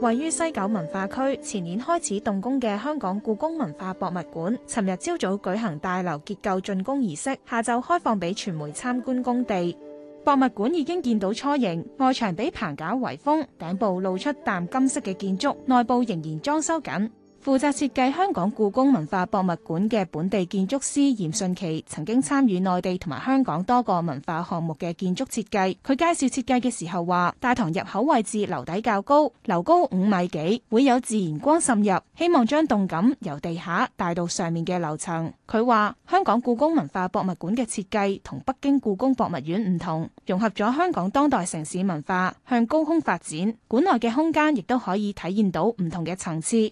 位於西九文化區，前年開始動工嘅香港故宮文化博物館，尋日朝早舉行大樓結構竣工儀式，下晝開放俾傳媒參觀工地。博物館已經見到雛形，外牆俾棚架圍封，頂部露出淡金色嘅建築，內部仍然裝修緊。負責設計香港故宮文化博物館嘅本地建築師嚴迅奇曾經參與內地同埋香港多個文化項目嘅建築設計。佢介紹設計嘅時候話：大堂入口位置樓底較高，樓高五米幾，會有自然光滲入，希望將動感由地下帶到上面嘅樓層。佢話：香港故宮文化博物館嘅設計同北京故宮博物院唔同，融合咗香港當代城市文化，向高空發展。館內嘅空間亦都可以體現到唔同嘅層次。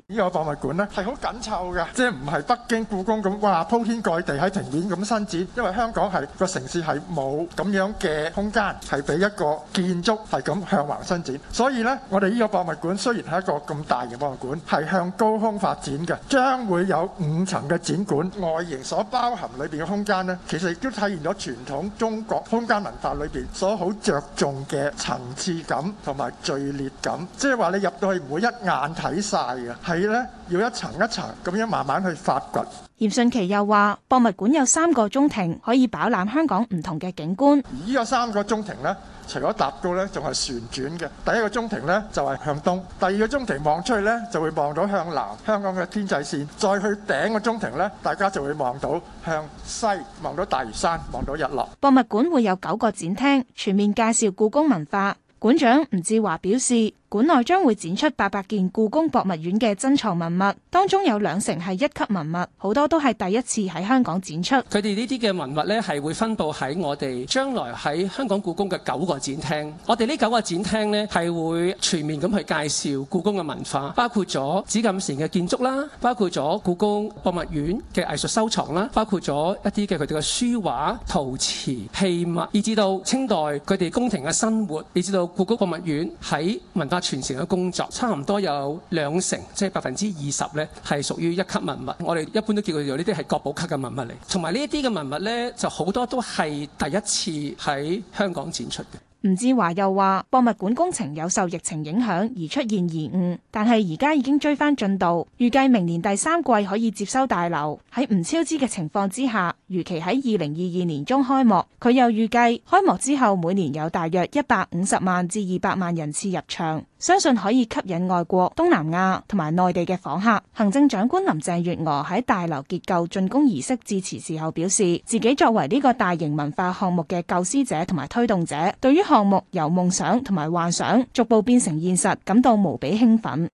館咧係好緊湊嘅，即係唔係北京故宮咁哇，鋪天蓋地喺庭院咁伸展，因為香港係個城市，係冇咁樣嘅空間係俾一個建築係咁向橫伸展。所以呢，我哋呢個博物館雖然係一個咁大嘅博物館，係向高空發展嘅，將會有五層嘅展館外形所包含裏邊嘅空間呢，其實亦都體現咗傳統中國空間文化裏邊所好着重嘅層次感同埋序列感。即係話你入到去唔會一眼睇晒嘅，係呢。要一層一層咁樣慢慢去發掘。嚴迅奇又話：博物館有三個中庭，可以飽覽香港唔同嘅景觀。依個三個中庭呢，除咗疊高呢，仲係旋轉嘅。第一個中庭呢，就係向東，第二個中庭望出去呢，就會望到向南香港嘅天際線。再去頂個中庭呢，大家就會望到向西，望到大嶼山，望到日落。博物館會有九個展廳，全面介紹故宮文化。館長吳志華表示。館內將會展出八百件故宮博物院嘅珍藏文物，當中有兩成係一級文物，好多都係第一次喺香港展出。佢哋呢啲嘅文物呢係會分佈喺我哋將來喺香港故宮嘅九個展廳。我哋呢九個展廳呢係會全面咁去介紹故宮嘅文化，包括咗紫禁城嘅建築啦，包括咗故宮博物院嘅藝術收藏啦，包括咗一啲嘅佢哋嘅書畫、陶瓷器物，以至到清代佢哋宮廷嘅生活。你知道故宮博物院喺文化。全城嘅工作差唔多有兩成，即係百分之二十咧，係屬於一級文物。我哋一般都叫佢做呢啲係國寶級嘅文物嚟。同埋呢一啲嘅文物咧，就好多都係第一次喺香港展出嘅。吳志華又話：博物館工程有受疫情影響而出現延誤，但係而家已經追翻進度，預計明年第三季可以接收大樓。喺唔超支嘅情況之下，預期喺二零二二年中開幕。佢又預計開幕之後每年有大約一百五十萬至二百萬人次入場。相信可以吸引外國、東南亞同埋內地嘅訪客。行政長官林鄭月娥喺大樓結構竣工儀式致辭時候表示，自己作為呢個大型文化項目嘅構思者同埋推動者，對於項目由夢想同埋幻想逐步變成現實，感到無比興奮。